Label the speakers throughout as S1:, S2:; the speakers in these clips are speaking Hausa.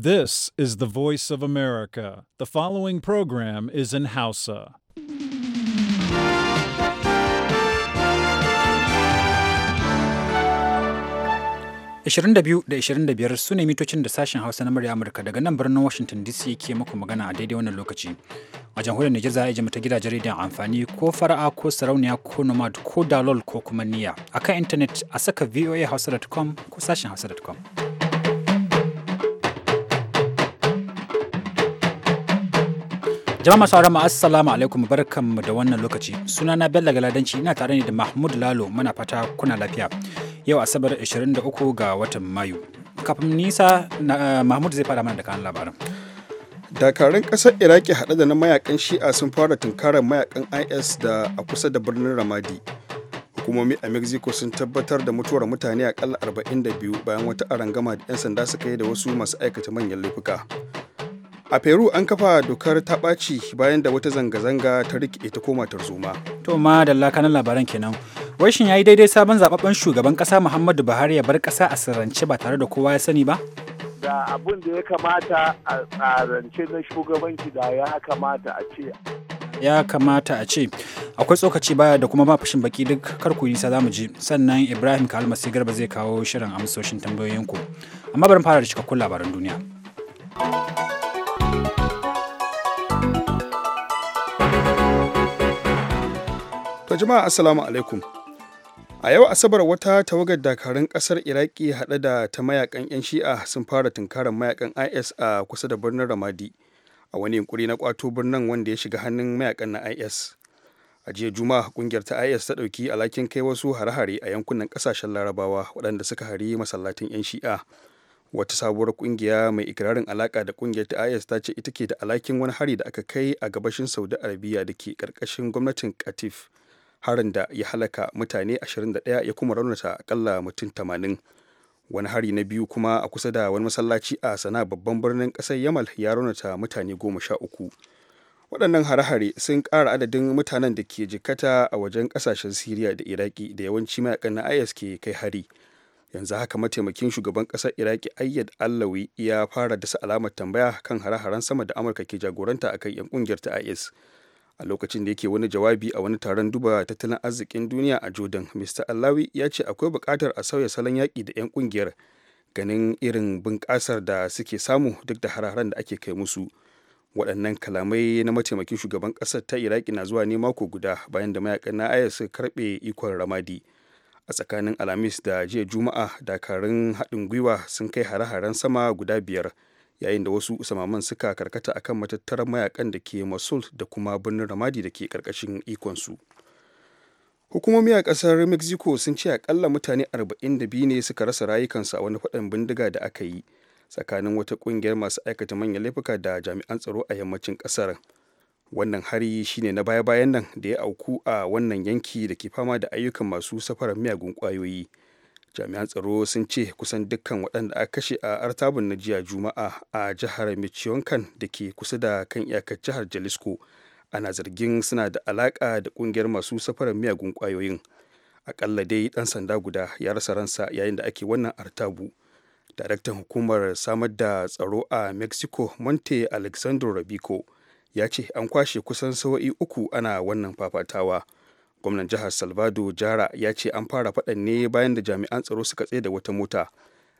S1: This is the voice of America. The following program is in Hausa. Ishirin da biyu da ishirin da biyar su ne mitocin da sashen Hausa na murya Amurka daga nan birnin Washington DC ke muku magana a daidai wannan lokaci. A jamhuriyar Nijar za a ji mata gidajen rediyon amfani ko fara'a ko sarauniya ko nomad ko dalol ko kuma niyya. A kan intanet a saka voahausa.com ko sashen hausa.com. Jama'a sauran assalamu alaikum barkanmu da wannan lokaci. Sunana Bello Galadanci ina tare ne da Mahmud Lalo muna fata kuna lafiya. Yau Asabar 23 ga watan Mayu. Kafin nisa eh, Mahmud zai fara mana da kanan labarin.
S2: Dakarun ƙasar Iraki haɗe da na mayakan Shi'a sun fara tunkarar mayakan IS da a kusa da birnin Ramadi. hukumomi a mexico sun tabbatar da mutuwar mutane akalla 42 bayan wata arangama da 'yan sanda suka yi da wasu masu aikata manyan laifuka a peru an kafa dokar ta ɓaci bayan da wata zanga-zanga ta rike ta koma tarzoma
S1: to ma da lakanan labaran kenan washin ya yi daidai sabon zababben shugaban ƙasa muhammadu buhari ya bar ƙasa a sirrance ba tare da kowa ya sani ba
S3: da abin da ya kamata a tsarance na shugabanci da ya kamata a ce
S1: ya kamata a ce akwai tsokaci baya da kuma ba fashin baki duk karku nisa za mu ji sannan ibrahim kalmasi garba zai kawo shirin amsoshin tambayoyinku amma bari fara da cikakkun labaran duniya
S2: To jama'a assalamu alaikum. A yau Asabar wata tawagar dakarun ƙasar Iraki haɗe da ta mayakan 'yan Shi'a sun fara tunkarar mayakan IS a kusa da birnin Ramadi a wani yunkuri na kwato birnin wanda ya shiga hannun mayakan na IS. A jiya Juma'a kungiyar ta IS ta ɗauki alakin kai wasu hare-hare a yankunan ƙasashen Larabawa waɗanda suka hari masallatin 'yan Shi'a. Wata sabuwar ƙungiya mai ikirarin alaka da ƙungiyar ta IS ta ce ita ke da alakin wani hari da aka kai a gabashin Saudi Arabia da ke ƙarƙashin gwamnatin Qatif. harin da ya halaka mutane 21 ya kuma raunata akalla mutum 80 wani hari na biyu kuma a kusa da wani masallaci a sana babban birnin kasar yamal ya raunata mutane 13 waɗannan hare-hare sun ƙara adadin mutanen da ke jikata a wajen ƙasashen siriya da iraki da yawanci mayakan na is ke kai hari yanzu haka mataimakin shugaban ƙasar iraki ayyad allawi ya fara dasa alamar tambaya kan hare-haren sama da amurka ke jagoranta akan 'yan ƙungiyar ta is a lokacin da yake wani jawabi a wani taron duba tattalin arzikin duniya a jordan mr allawi ya ce akwai bukatar a sauya salon yaƙi da 'yan ƙungiyar ganin irin bunƙasar da suke samu duk da hararen da ake kai musu waɗannan kalamai na mataimakin shugaban ƙasar ta iraki na zuwa ne mako guda bayan da mayakan na ayas suka karɓe ikon ramadi a tsakanin alhamis da jiya juma'a dakarun haɗin gwiwa sun kai hare-haren sama guda biyar yayin da wasu samaman suka karkata akan matattarar mayakan da ke mosul da kuma birnin ramadi da ke karkashin ikonsu hukumomi a kasar mexico sun ce akalla mutane 42 ne suka rasa rayukansu a wani faɗan bindiga da aka yi tsakanin wata ƙungiyar masu aikata manyan laifuka da jami'an tsaro a yammacin ƙasar wannan hari shine na baya-bayan nan da ya auku a wannan yanki da ke fama da ayyukan masu safarar miyagun ƙwayoyi jami'an tsaro sun ce kusan dukkan waɗanda aka kashe a artabun na jiya juma'a a jihar michoacan da ke kusa da kan iyakar jihar jalisco ana zargin suna da alaƙa da ƙungiyar masu safarar miyagun ƙwayoyin aƙalla dai ɗan sanda guda ya rasa ransa yayin da ake wannan artabu daraktan hukumar samar da tsaro a mexico monte alexandro rabico ya ce an kwashe kusan sawa'i uku ana wannan fafatawa gwamnan jihar salvador jara ya ce an fara faɗan ne bayan da jami'an tsaro suka tsaye da wata mota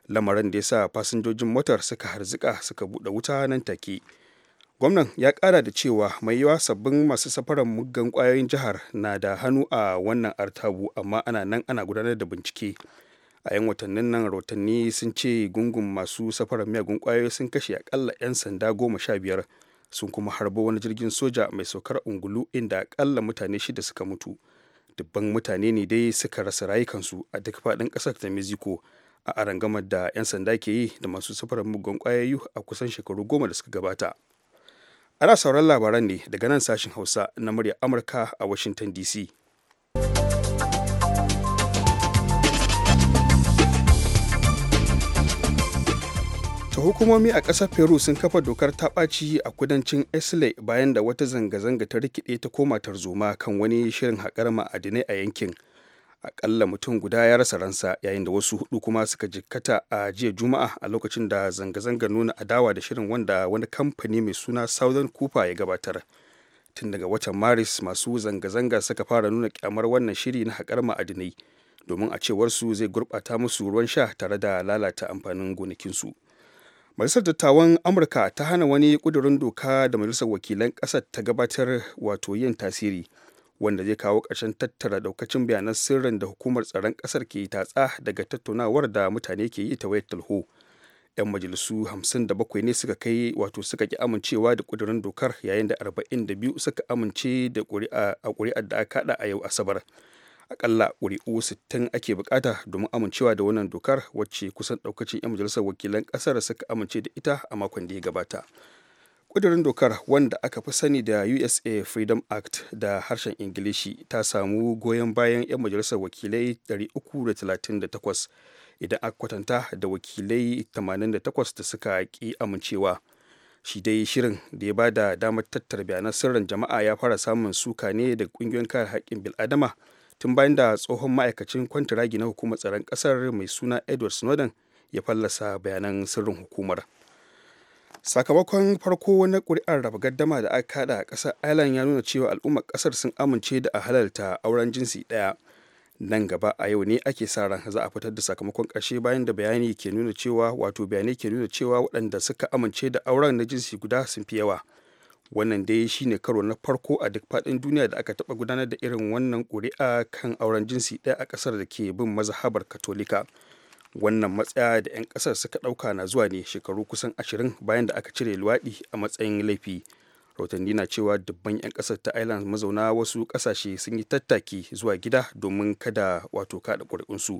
S2: lamarin da ya sa fasinjojin motar suka harzika suka buɗe wuta nan take gwamnan ya ƙara da cewa mai yawa sabbin masu safarar muggan ƙwayoyin jihar na da hannu a wannan artabu amma ana nan ana gudanar da bincike a yan watannin nan rahotanni sun ce gungun masu safarar miyagun ƙwayoyi sun kashe aƙalla 'yan sanda goma sha biyar sun kuma harbo wani jirgin soja mai saukar ungulu inda aƙalla mutane shida suka mutu dubban mutane ne dai suka rasa rayukansu a duk faɗin ƙasar ta mexico a arangamar da 'yan sanda ke yi da masu safarar mugun kwayoyi a kusan shekaru goma da suka gabata ana sauran labaran ne daga nan sashen hausa na murya amurka a washington dc hukumomi a ƙasar peru sun kafa dokar taɓaci a kudancin esle bayan da wata zanga-zanga ta rikide ta koma tarzoma kan wani shirin haƙar ma'adinai a yankin aƙalla mutum guda ya rasa ransa yayin da wasu hudu kuma suka jikkata a jiya juma'a a lokacin da zanga-zanga nuna adawa da shirin wanda wani kamfani mai suna southern cooper ya gabatar tun daga watan maris masu zanga-zanga suka fara nuna kyamar wannan shiri na haƙar ma'adinai domin a cewarsu zai gurɓata musu ruwan sha tare da lalata amfanin gonakinsu. majalisar dattawan amurka ta hana wani kudurin doka da majalisar wakilan ƙasar ta gabatar wato yin tasiri wanda zai kawo ƙarshen tattara daukacin bayanan sirrin da hukumar tsaron kasar ke tatsa daga tattaunawar da mutane ke yi ta wayar talho 'yan majalisu bakwai ne suka kai wato suka ki amincewa da kudurin dokar yayin da arba'in da biyu suka amince da a ƙuri'ar da aka a yau asabar akalla ƙuri'u 60 ake bukata domin amincewa da wannan dokar wacce kusan ɗaukacin 'yan majalisar wakilan ƙasar suka amince da ita a makon da ya gabata ƙudurin dokar wanda aka fi sani da usa freedom act da harshen ingilishi ta samu goyon bayan 'yan majalisar wakilai 338 idan aka kwatanta da wakilai 88 da suka ƙi amincewa shi dai shirin da ya ba da damar tattara bayanan sirrin jama'a ya fara samun suka ne daga ƙungiyoyin kare haƙƙin bil'adama tun bayan da tsohon ma'aikacin ragi na hukumar tsaron kasar mai suna edward snowden ya fallasa bayanan sirrin hukumar sakamakon farko na ƙuri'ar raba gaddama da aka kada a kasar ireland ya nuna cewa al'ummar kasar sun amince da a halalta auren jinsi daya nan gaba a yau ne ake sa ran za a fitar da sakamakon ƙarshe bayan da bayani ke nuna cewa wato bayanai ke nuna cewa waɗanda suka amince da auren na jinsi guda sun fi yawa wannan dai shine karo na farko a duk faɗin duniya da aka taɓa gudanar da irin wannan ƙuri'a kan auren jinsi ɗaya a ƙasar da ke bin mazhabar katolika wannan matsaya da 'yan ƙasar suka ɗauka na zuwa ne shekaru kusan ashirin bayan da aka cire luwaɗi a matsayin laifi rahotanni na cewa dubban 'yan ƙasar ta island mazauna wasu ƙasashe sun yi tattaki zuwa gida domin kada wato kaɗa ƙuri'unsu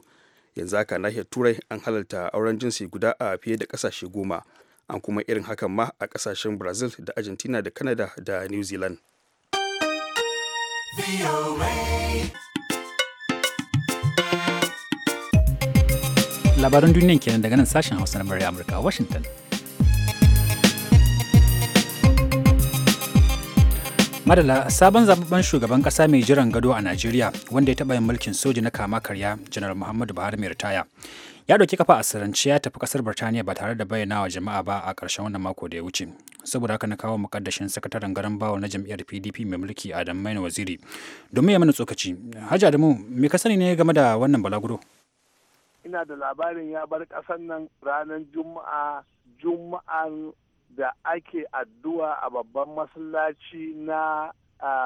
S2: yanzu haka nahiyar turai an halarta auren jinsi guda a fiye da ƙasashe goma an kuma irin hakan ma a kasashen brazil da argentina da canada da new zealand
S1: labaran duniyan kenan daga nan sashen hausa na murya amurka a washington madala sabon zababben shugaban kasa mai jiran gado a najeriya wanda ya taɓa yin mulkin soji na kama karya janar muhammadu buhari mai ritaya ya ɗauki kafa a sirance ya tafi kasar birtaniya ba tare da bayyana wa jama'a ba a ƙarshen wannan mako da ya wuce saboda haka na kawo mukaddashin sakataren garan bawo na jam'iyyar pdp mai mulki adam maina waziri domin ya mana tsokaci hajji adamu me ka sani ne game da wannan balaguro
S3: ina da labarin ya bar ƙasar nan ranar juma'a juma'a da ake addu'a a babban masallaci na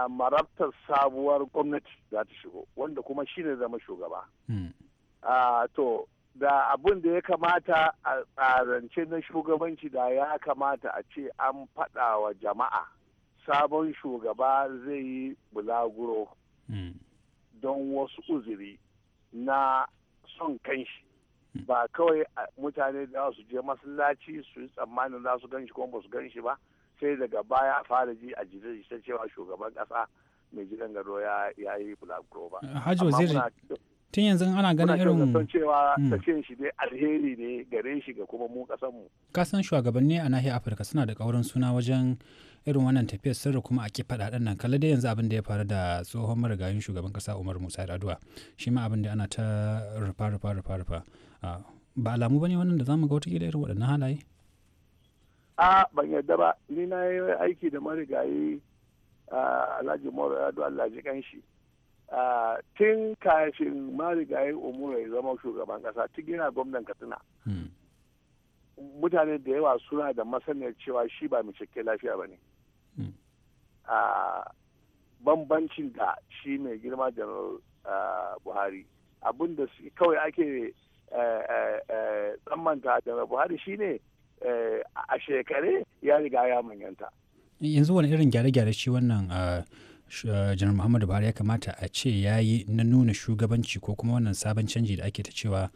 S3: marabtar sabuwar gwamnati za ta shigo wanda kuma shine zama shugaba hmm. to da abin da ya kamata a tsarance na shugabanci da ya kamata a ce an faɗa wa jama'a sabon shugaba zai yi bulaguro hmm. don wasu uzuri na son kanshi hmm. ba kawai mutane da su je masallaci su yi tsammanin za su ganshi kuma ba su ganshi ba sai daga baya fara ji a jirage ta cewa shugaban ƙasa mai gidan gado ya yi bulaguro ba.
S1: tun yanzu ana ganin irin
S3: cewa mm. tafiyan shi dai alheri ne gare shi ga kuma mu kasan mu
S1: kasan shugabanni a nahiyar afirka suna da kaurin suna wajen irin wannan tafiyar sirri kuma a kifa da nan kalla dai yanzu abin da ya faru da tsohon marigayin shugaban kasa umar musa yar'adua shi ma abin da ana ta rufa rufa rufa rufa ba alamu bane wannan da zamu ga wata irin waɗannan halaye a ban yarda ba ni
S3: na yi aiki da marigayi alhaji da yar'adua alhaji kanshi tun kashin marigayin umura ya zama shugaban kasa tun yana gwamnan katsina hmm. mutane da yawa suna da masaniyar cewa shi ba mai cike lafiya ba ne hmm. bambancin da shi mai girma janar buhari abinda kawai ake tsammanta janar buhari shine a shekare ya riga ya manyanta
S1: yanzu wani irin gyare-gyare shi wannan Eh, janar muhammadu buhari ya kamata a ce ya yi na nuna shugabanci ko kuma wannan sabon canji da ake ta cewa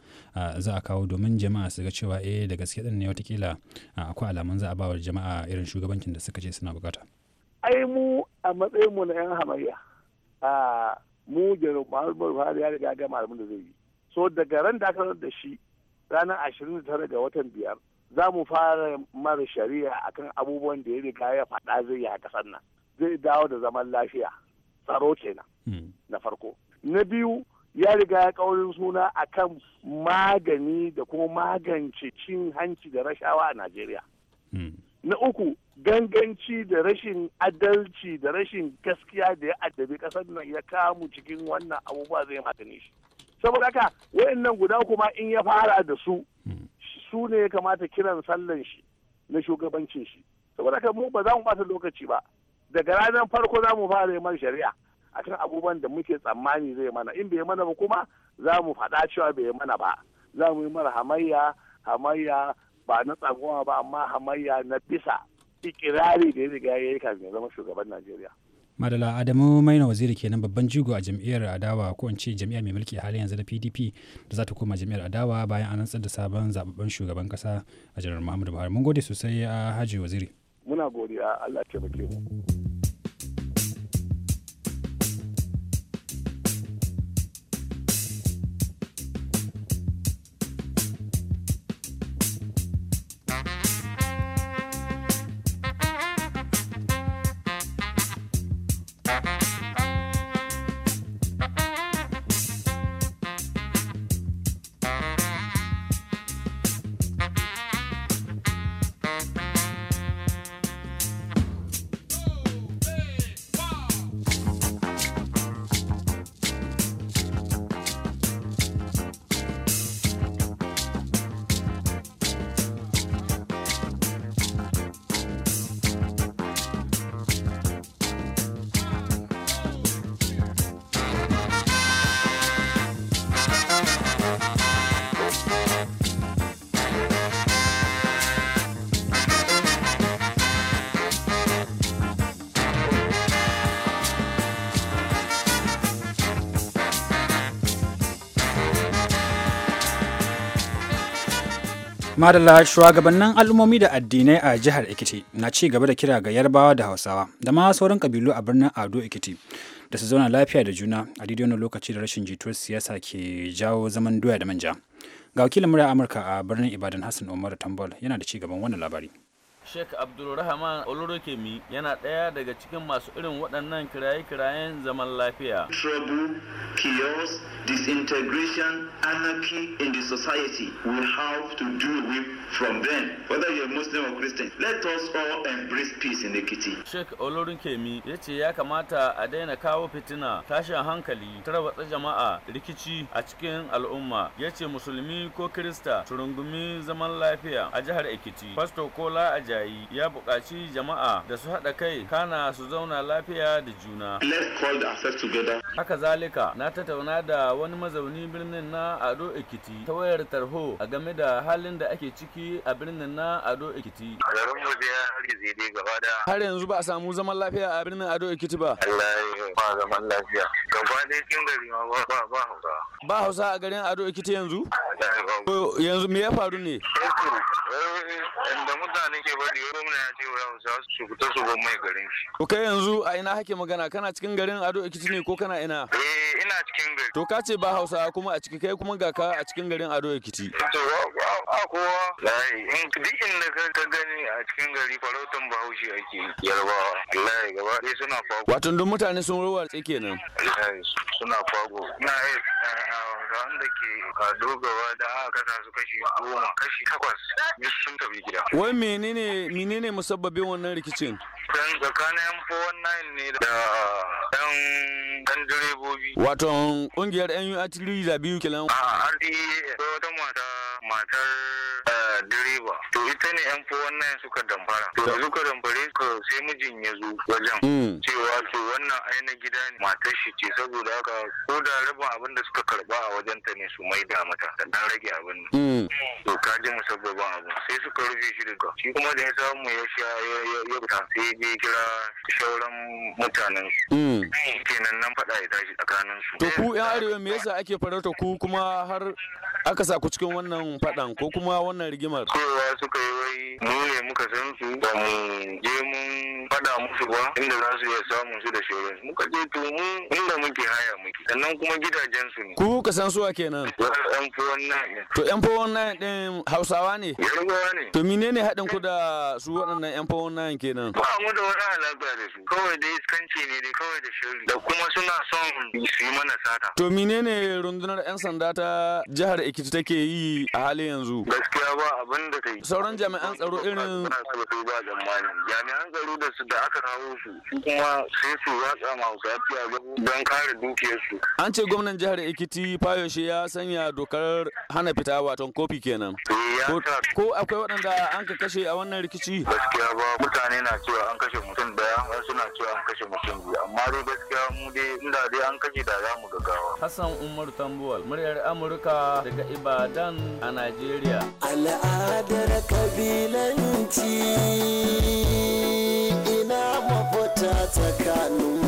S1: za a kawo domin jama'a su ga cewa eh da gaske din ne watakila akwai alamun za a ba wa jama'a irin shugabancin da suka ce suna bukata
S3: ai mu a matsayin mu na yan hamayya a mu janar muhammadu buhari ya riga gama abin da zai yi so daga ran da aka da shi ranar ashirin da tara ga watan biyar za mu fara mara shari'a akan abubuwan da ya riga ya faɗa zai yi a ƙasar nan zai dawo da zaman lafiya tsaro kenan hmm. na farko na biyu ya riga ya kaurin suna akan magani da kuma magance cin hanci da rashawa a najeriya hmm. na uku ganganci da rashin adalci da rashin gaskiya da ya addabi kasar nan ya kamu cikin wannan abubuwa zai magani shi saboda haka wayannan guda kuma in ya fara da su hmm. su ne ya kamata kiran sallan shi na shugabancin shi saboda haka mu ba za mu bata lokaci ba daga ranar farko za mu fara yi shari'a shari'a kan abubuwan da muke tsammani zai mana in bai mana ba kuma za mu faɗa cewa bai mana ba za mu yi mara hamayya hamayya ba na tsagowa ba amma hamayya na bisa
S4: ikirari
S3: da ya riga ya yi kafin ya zama shugaban najeriya
S1: madala adamu maina waziri kenan babban jigo a jam'iyyar adawa ko in ce jam'iyyar mai mulki a halin yanzu da pdp da za ta koma jam'iyyar adawa bayan an tsar da sabon zababben shugaban kasa a janar muhammadu buhari mun gode sosai a ah, haji waziri muna godiya Allah taimake mu madalla shugabannin al'ummomi da addinai a jihar ikiti na ci gaba da kira ga yarbawa da hausawa da ma sauran kabilu a birnin ado ikiti da su zauna lafiya da juna a daidai wani lokaci da rashin jituwar siyasa ke jawo zaman doya da manja ga wakilin murya amurka a birnin ibadan hassan umar tambol yana da ci gaban wannan labari
S5: Sheikh Abdulrahman Olorokemi yana ɗaya daga cikin masu irin waɗannan kiraye-kirayen zaman lafiya. Trouble, chaos, disintegration, anarchy in the society will have to with from then, whether you're Muslim or Christian. Let us all in Sheikh Olorokemi ya ce ya kamata a daina kawo fitina, tashin hankali, tarwatsa jama'a, rikici a cikin al'umma. Ya ce musulmi ko Kirista su rungumi zaman lafiya a jihar Ekiti. Pastor Kola Ajayi yayi ya buƙaci jama'a da su haɗa kai kana su zauna lafiya da juna. Haka zalika na tattauna da wani mazauni birnin na Ado Ekiti ta wayar tarho a game da halin da ake ciki a birnin na Ado Ekiti. Har yanzu ba a samu zaman lafiya a birnin Ado Ekiti ba.
S4: Allah ba zaman lafiya. gaba dai
S5: cikin gari ma ba ba hausa ba hausa a garin ado ikita yanzu yanzu me ya faru ne eh eh,
S3: da
S5: kai yanzu a ina hake magana kana cikin garin ado ikita ne ko kana ina eh ina cikin gari to ka ce ba hausa kuma a ciki kai kuma ga ka a cikin garin ado ikiti
S6: cikin gari farautan bahaushe ake wato
S5: duk mutane sun ruwa nan.
S3: suna fago na wanda ke dogawa da aka kasa su kashi goma kashi takwas sun tafi gida
S5: wai menene menene musabbabin wannan rikicin dan tsakanin
S6: 419 ne da dan dan direbobi
S5: wato kungiyar yan yuatiri da biyu kilan a ardi wata mata matar
S6: eh, direba to ita ne yan 419 suka damfara to suka damfara sai mijin ya zo wajen mm.
S3: cewa to wannan ai na gida ne matar shi ce saboda haka ko da rabin abin da suka karba a wajen ta ne su da mata da dan rage abin mm. to ka ji musabbabin abin sai suka rufe shi daga shi kuma da ya samu ya sha ya fita sai
S4: ya je kira shauran mutanen shi kenan mm. nan faɗa ya tashi tsakanin
S5: su to ku yan arewa me yasa ake farauta ku kuma har aka sa ku cikin wannan faɗan ko kuma wannan rigimar Cewa suka yi wai mu ne muka san su ba mu je mun
S3: mun musu ba inda za su iya samun su da shirin muka je to mu inda muke haya muke
S4: sannan kuma gidajen su
S3: ne ku ka san suwa
S5: kenan yan fowon nan to yan fowon nan din hausawa ne yarbawa ne to menene haɗin ku da su waɗannan yan fowon nan kenan ba mu da wani
S4: alaka da su kawai dai iskanci ne dai kawai da shirin.
S5: da kuma suna son su yi mana sata to menene rundunar yan sanda ta jihar Ekiti take yi a halin yanzu gaskiya ba abin da ta yi sauran jami'an tsaro irin jami'an tsaro
S3: da su da aka kawo su kuma sai su watsa ma hausafiya don kare dukiyarsu.
S5: An ce gwamnan jihar Ekiti Fayoshe ya sanya dokar hana fita waton kofi kenan. Eh, ko akwai waɗanda an ka kashe a wannan rikici? Gaskiya ba mutane na cewa an kashe mutum daya wasu na cewa an kashe mutum biyu amma dai gaskiya mu dai inda dai an kashe da za mu gawa. Hassan Umaru Tambuwal muryar Amurka daga Ibadan a Najeriya.
S4: Al'adar kabilanci. ina mafita tsakanin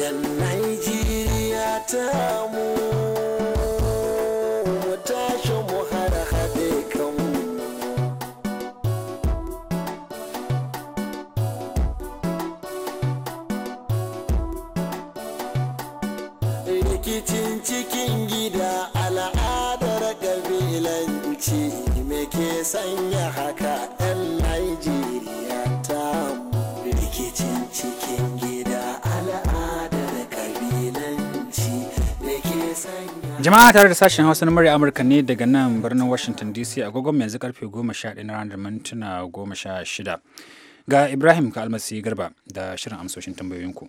S4: yan Najeriya ta mu mu mu har haɗe kanmu
S6: rikicin cikin gida al'ada
S3: ƙabilanci sanya haka 'yan Najeriya ta rikicin cikin gida al'adar
S4: ƙabilanci
S1: Jama'a tare da sashen Hausa na murya Amurka ne daga nan birnin Washington DC agogon yanzu karfe 11 na ranar mintuna 16 ga Ibrahim ka almasi garba da shirin amsoshin tambayoyinku.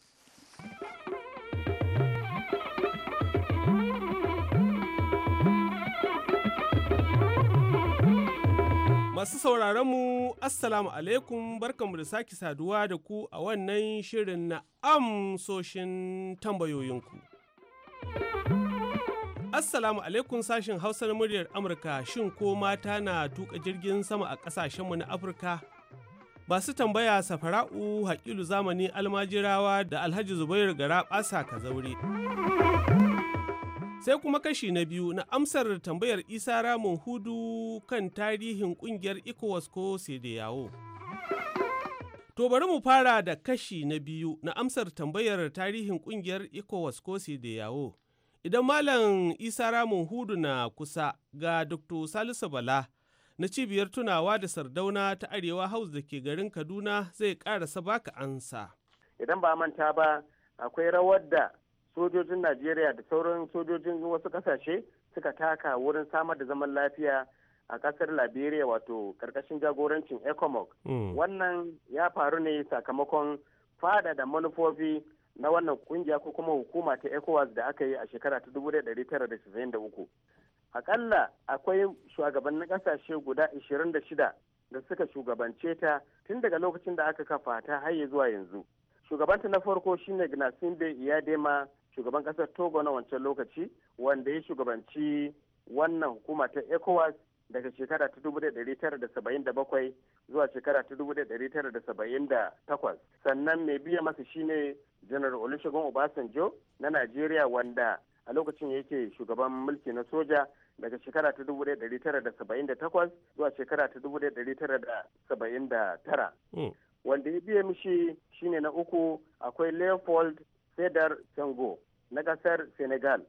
S7: Masu sauraron mu Assalamu alaikum mu da sake saduwa da ku a wannan shirin na amsoshin tambayoyinku. Assalamu alaikum sashin Hausar muryar Amurka shin ko mata na tuka jirgin sama a ƙasashenmu na Afirka? su tambaya safara'u haƙilu zamani almajirawa da Alhaji Zubairu Gara ƙasa ka zaure. Sai kuma kashi na biyu na amsar tambayar Isa ramun Hudu kan tarihin kungiyar ECOWAS ko yawo. To bari mu fara da kashi na biyu na amsar tambayar tarihin kungiyar ECOWAS ko yawo. Idan Malam Isa ramun Hudu na kusa ga Dr. Salisu Bala na cibiyar tunawa da Sardauna ta Arewa House da ke garin Kaduna zai ƙarasa baka ansa.
S6: Idan ba manta ba akwai rawar da sojojin najeriya da sauran sojojin wasu kasashe suka taka wurin samar da zaman lafiya a kasar liberia wato karkashin jagorancin ecomog hmm. wannan ya faru ne sakamakon fada da manufofi na wannan kungiya ko kuma hukuma ta ecowas da aka yi a shekara ta 1993 akalla akwai shugabannin kasashe guda 26 da suka shugabance ta tun daga lokacin da aka kafa ta har zuwa yanzu shugabanta na farko shine iya dema. shugaban kasar togo na wancan lokaci wanda ya shugabanci wannan hukuma ta ecowas daga shekara ta 1977 zuwa shekara ta 1978 sannan mai biya masa shine janar olusegun obasanjo na nigeria wanda a lokacin yake shugaban mulki na soja daga shekara ta 1978 zuwa shekara ta 1979 hmm. wanda ya biya mishi shine na uku akwai leopold sedar sango na kasar senegal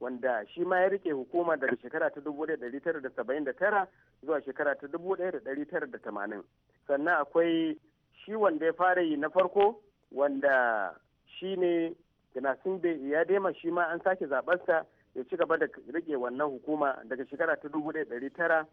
S6: wanda shi ma ya rike hukuma daga shekara ta 1979 zuwa shekara ta 1980 sannan akwai shi wanda ya fara yi na farko wanda shi ne da ya dema shi ma an sake zabarsa ya ci gaba da rike wannan hukuma daga shekara ta 1980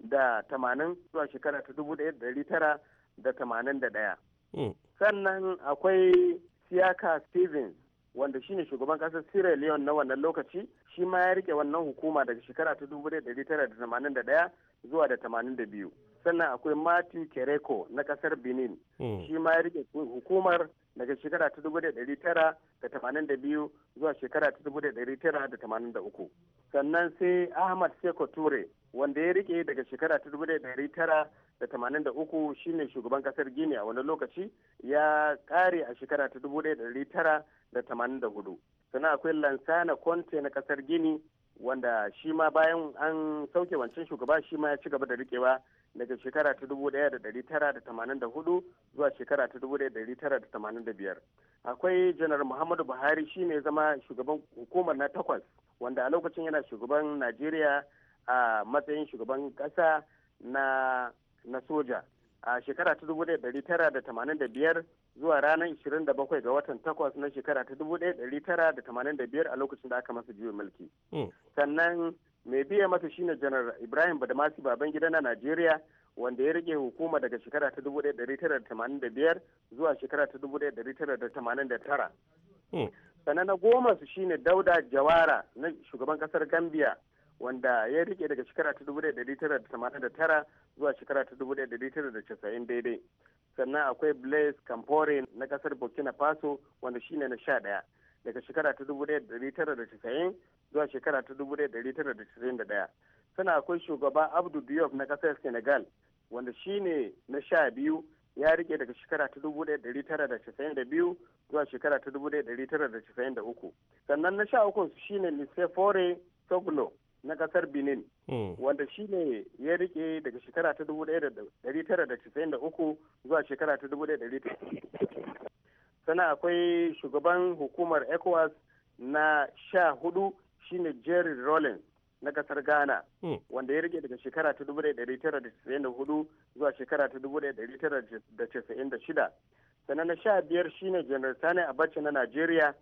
S6: da tamanin zuwa shekara ta dubu da tara da tamanin da hmm. Sannan akwai Siyaka Stevens wanda shine shugaban kasar Sierra Leone na wannan lokaci shi ma ya rike wannan hukuma daga shekara ta 1981 zuwa da biyu sannan akwai mati Kereko na kasar Benin hmm. shi ma ya rike hukumar daga shekara ta biyu zuwa shekara ta uku sannan sai Ahmad Seko Ture wanda ya rike daga shekara ta da tamanin da uku shine shugaban kasar Guinea a wani lokaci ya kare a shekara ta dubu daya da tara da tamanin da hudu sannan akwai lansana conte na kasar gini wanda shi ma bayan an sauke wancan shugaba shi ma ya ci gaba da rikewa daga shekara ta dubu daya da dari tara da tamanin da hudu zuwa shekara ta dubu daya da dari tara da tamanin da biyar akwai janar muhammadu buhari shi ne zama shugaban hukumar na takwas wanda a lokacin yana shugaban najeriya a matsayin shugaban kasa na na soja a shekara ta dubu tara da da tamanin biyar zuwa ranar ishirin da bakwai ga watan takwas na shekara ta dubu tara da da tamanin biyar a lokacin da aka masa juyin mulki. Hmm. Sannan mai biya masa shine janar Ibrahim Badamasi Babangida na Najeriya wanda ya rike hukuma daga shekara ta dubu tara da da tamanin biyar zuwa shekara ta dubu tara da tamanin tara. Hmm. Sannan na goma su shine Dauda Jawara na shugaban kasar Gambia wanda ya rike daga shekara ta dubu da da tara tara zuwa shekara ta dubu tara da casa'in daidai sannan akwai blaise campore na kasar burkina faso wanda shine na sha daya daga shekara ta dubu tara da casa'in zuwa shekara ta dubu tara da da daya sannan akwai shugaba abdu diop na kasar senegal wanda shine na sha biyu ya rike daga shekara ta dubu tara da da biyu zuwa shekara ta dubu tara da da uku sannan na sha uku shine lise fore soglo na kasar benin hmm. wanda shi ne ya rike daga shekara ta 1993 zuwa shekara ta 1990 sana akwai shugaban hukumar ecowas na sha hudu shine jerry rollins na kasar ghana hmm. wanda ya rike daga shekara ta 1994 zuwa shekara ta 1996 sannan na sha biyar shine general sani abacha na nigeria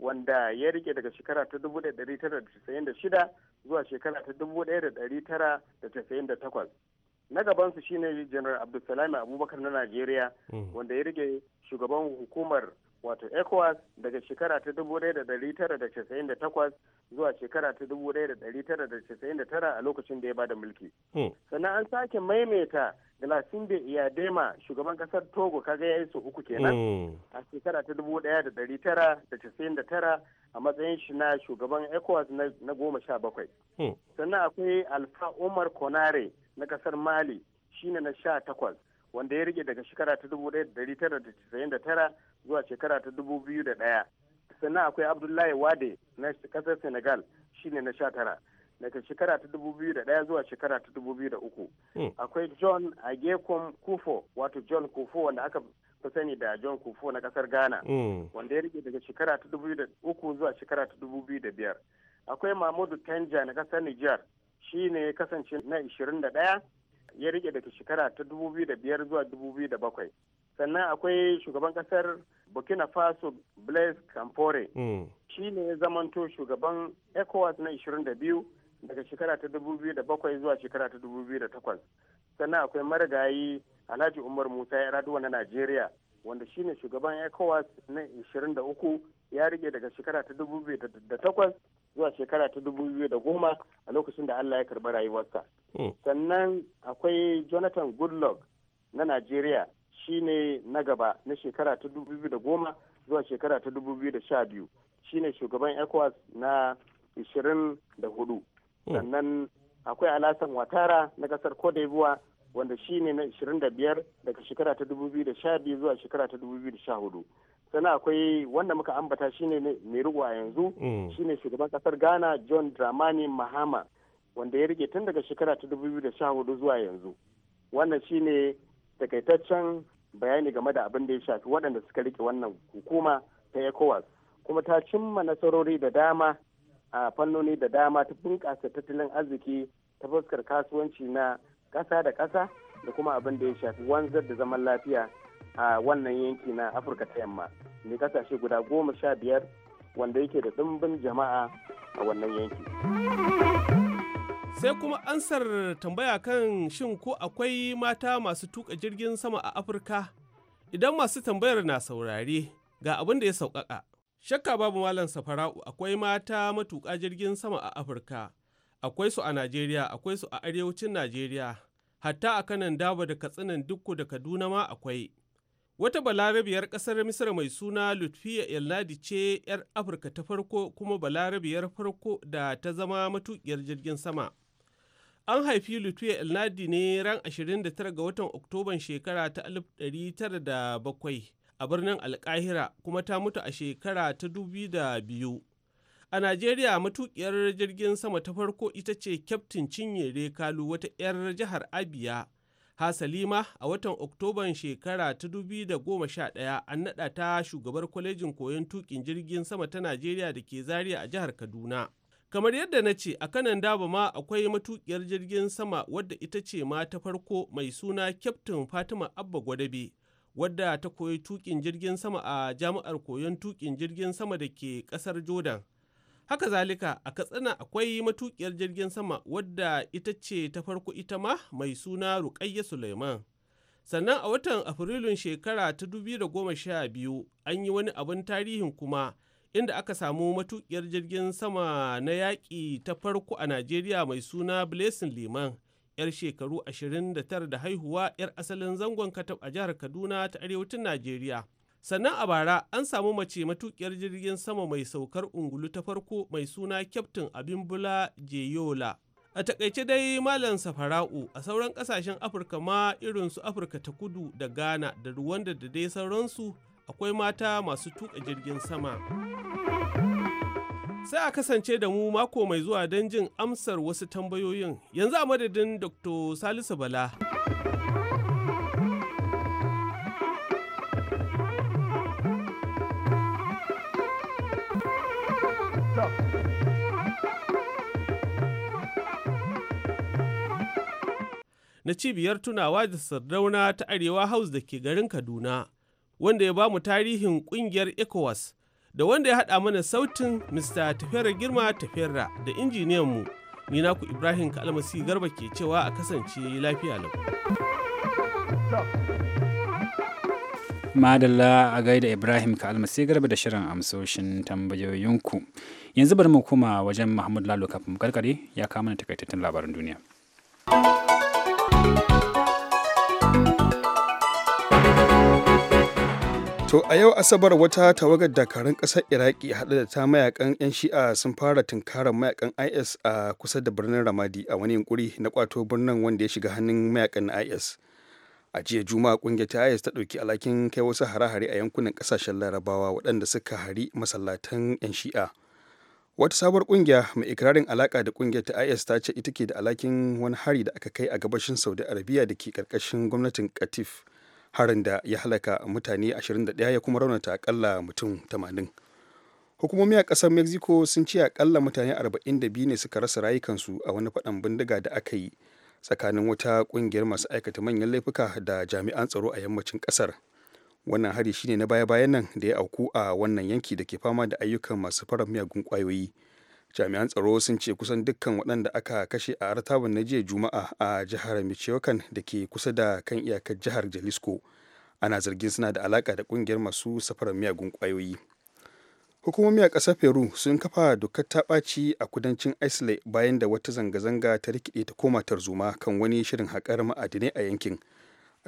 S6: wanda ya rike daga shekara ta 1996 zuwa shekara ta 1998 na gabansu shine general abdulsalami abubakar na najeriya mm. wanda ya rike shugaban hukumar wato ecowas daga shekara ta dubu da da da tara takwas zuwa shekara ta dubu da da da tara tara a lokacin da ya bada mulki hmm. sannan an sake maimaita Galasimbe Iyadema shugaban kasar Togo kaga ya yi su uku kenan hmm. a shekara ta dubu ɗaya da ɗari tara da casa'in da tara a matsayin shi na shugaban ECOWAS na goma sha bakwai. Hmm. Sannan akwai Alfa Umar Konare na kasar Mali shine na sha takwas. wanda ya rike daga shekara ta dubu da da da tara tara zuwa shekara ta dubu biyu da daya. sannan akwai abdullahi wade na kasar senegal shine na sha tara daga shekara ta dubu biyu da daya zuwa shekara ta dubu biyu da uku. Hmm. akwai john agekom kufo wato john kufo wanda aka fi sani da john kufo na kasar ghana
S4: hmm. wanda
S6: ya rike daga shekara ta dubu da uku zuwa shekara ta dubu biyu da biyar. akwai mahmudu tanja na kasar niger shi ne ya kasance na daya. ya rike daga shekara ta 2005 zuwa 2007 sannan akwai shugaban kasar burkina faso blaise kamfore mm. shi ne ya zamanto shugaban ecowas na 22 daga shekara ta 2007 zuwa shekara ta 2008 sannan akwai marigayi alhaji umar musa ya raduwa na nigeria wanda shi ne shugaban ecowas na 23 ya rike daga shekara ta 2008 zuwa shekara ta dubu biyu da goma a lokacin da Allah ya karɓi rayuwarsa. Hmm. Sannan akwai Jonathan Goodluck na Najeriya shi ne na gaba na shekara ta dubu biyu da goma zuwa shekara ta dubu biyu da sha biyu shi ne shugaban ECOWAS na ishirin da hudu. Hmm. Sannan akwai Alasan Watara na kasar Cote wanda shi ne na ishirin da biyar daga shekara ta dubu biyu da sha biyu zuwa shekara ta dubu biyu da sha hudu. sannan akwai wanda muka ambata shine mai riko a yanzu mm. shine shugaban kasar ghana john dramani mahama wanda ya rike tun daga shekara ta 2014 zuwa yanzu wannan shine takaitaccen bayani game da abin da ya shafi waɗanda suka rike wannan hukuma ta ecowas kuma ta cimma nasarori da dama a fannoni da dama ta bunƙasa tattalin arziki ta fuskar kasuwanci na ƙasa da ƙasa da kuma abin da ya shafi wanzar da zaman lafiya a wannan yanki na afirka ta yamma ne kasashe guda goma sha biyar wanda yake da dimbin jama'a a wannan yanki
S7: sai kuma ansar tambaya kan shin ko akwai mata masu tuka jirgin sama a afirka idan masu tambayar na saurare ga abin da ya sauƙaƙa shakka babu malam safara'u akwai mata matuƙa jirgin sama a afirka akwai su a najeriya akwai su a arewacin najeriya hatta a kanan daba da katsinan dukku da kaduna ma akwai Wata balarabiyar ƙasar Misra mai suna Lutfiya Elnadi ce 'yar Afirka ta farko kuma balarabiyar farko da ta zama matuƙiyar jirgin sama. An haifi Lutfiya Elnadi ne ran 29 ga watan Oktoban shekara ta 1907 a birnin Alkahira, kuma ta mutu a shekara ta 2002. A Najeriya matuƙiyar jirgin sama ta farko ita ce Kyaftin Cinye Kalu wata 'yar jihar Abia hasalima salima a watan Oktoban shekara ta 2011 an naɗa ta shugabar kwalejin koyon tukin jirgin sama ta Najeriya da ke Zaria a jihar Kaduna. Kamar yadda na ce, a kanan daba ma akwai matukiyar jirgin sama wadda ita ce ma ta farko mai suna Kyaftin Fatima Abba Gwadabe, wadda ta koyi tukin jirgin sama a jami'ar koyon tukin jirgin sama da ke kasar Jordan. Haka zalika a Katsina akwai matukiyar jirgin sama wadda ita ce ta farko ita ma mai suna Rukayya Suleiman. Sannan a watan Afrilun shekara ta 2012 an yi wani abin tarihin kuma inda aka samu matukiyar jirgin sama na yaƙi ta farko a Najeriya mai suna Blessing Liman. 'yar shekaru 29 da haihuwa 'yar asalin zangon katab a jihar Kaduna ta arewacin Najeriya. sannan a bara an samu mace matukiyar jirgin sama mai saukar ungulu ta farko mai suna kyaftin abin bula jeyola a takaice dai malam safara'u a sauran kasashen afirka ma irin su afirka ta kudu da ghana da ruwanda da dai sauransu akwai mata masu tuka jirgin sama sai a kasance da mu mako mai zuwa don jin amsar wasu tambayoyin yanzu a madadin dr salisu bala na cibiyar tunawa da sardauna ta Arewa House da ke garin Kaduna, wanda ya ba mu tarihin kungiyar ECOWAS da wanda ya haɗa mana sautin Mr. Tafera Girma Tafera da injiniyanmu. Ni naku Ibrahim Kalmasi Garba ke cewa a kasance lafiya lau.
S1: Madalla a gaida Ibrahim Kalmasi Garba da shirin amsoshin tambayoyinku. Yanzu bari mu koma wajen Mahmud Lalo kafin mu karkare ya kama na takaitattun labaran duniya.
S2: To a yau Asabar wata tawagar dakarun ƙasar Iraki haɗe da ta mayakan 'yan shi'a sun fara tunkarar mayakan IS a kusa da birnin Ramadi a wani yunkuri na kwato birnin wanda ya shiga hannun mayakan na IS. A jiya Juma'a ƙungiyar ta IS ta ɗauki alhakin kai wasu hare-hare a yankunan ƙasashen Larabawa waɗanda suka hari masallatan 'yan shi'a. wata sabuwar kungiya mai ikirarin alaka da kungiyar ta is ta ce ita ke da alakin wani hari da aka kai a gabashin saudi arabia da ke karkashin gwamnatin katif harin da ya halaka mutane 21 ya kuma raunata akalla mutum 80 hukumomi a kasar mexico sun ce akalla mutane 42 ne suka rasa rayukansu a wani faɗan bindiga da aka yi tsakanin wata kungiyar masu aikata manyan laifuka da jami'an tsaro a yammacin kasar wannan hari shine na baya-bayan nan da ya auku a wannan yanki da ke fama da ayyukan masu fara miyagun kwayoyi jami'an tsaro sun ce kusan dukkan waɗanda aka kashe a artaban na jiya juma'a a jihar michoacan da ke kusa da kan iyakar jihar jalisco ana zargin suna da alaka da ƙungiyar masu safarar miyagun kwayoyi hukumomi a ƙasar peru sun kafa dokar ta ɓaci a kudancin iceland bayan da wata zanga-zanga ta rikide ta koma tarzoma kan wani shirin haƙar ma'adinai a yankin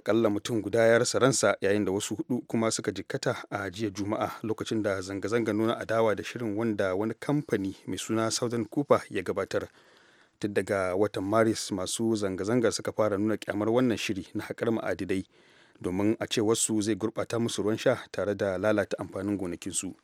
S2: akalla mutum guda ya rasa ransa yayin da wasu hudu kuma suka jikkata a jiya juma'a lokacin da zanga-zanga nuna adawa da shirin wanda wani kamfani mai suna southern cooper ya gabatar tun daga watan maris masu zanga-zanga suka fara nuna kyamar wannan shiri na haƙar ma'adidai domin a ce wasu zai gurɓata musu ruwan sha tare da lalata amfanin gonakinsu. su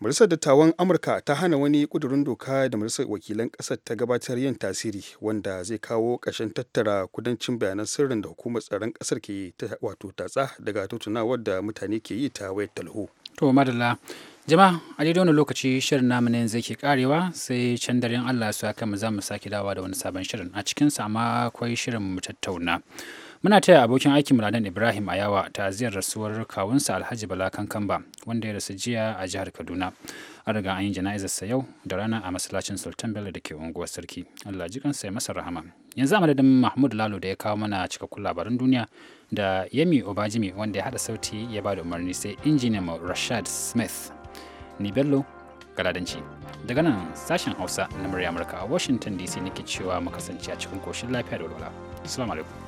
S2: Majalisar Dattawan Amurka ta hana wani kudurin doka da Majalisar Wakilan kasar ta gabatar yin tasiri wanda zai kawo ƙarshen tattara kudancin bayanan sirrin da hukumar tsaron kasar ke ta wato tatsa daga tuntunawar da mutane ke yi ta wayar talho.
S1: To madalla jama'a a daidai wani lokaci shirin namu ne yanzu ke karewa sai can daren Allah su haka mu za mu sake dawa da wani sabon shirin a cikin sa akwai shirin mu tattauna. Muna taya abokin aikin Muladan Ibrahim Ayawa ta'aziyar rasuwar kawunsa Alhaji Bala Kankamba wanda ya rasu jiya a jihar Kaduna. An riga an yi jana'izarsa yau da rana a masallacin Sultan Bello da ke unguwar Sarki. Allah ji kansa ya masa rahama. Yanzu a madadin Mahmud Lalo da ya kawo mana cikakkun labaran duniya da Yemi Obajimi wanda ya haɗa sauti ya ba da umarni sai injiniyan Rashad Smith. Ni Bello Galadanci. Daga nan sashen Hausa na murya Amurka a Washington DC nake cewa mu kasance a cikin koshin lafiya da walwala. Assalamu alaikum.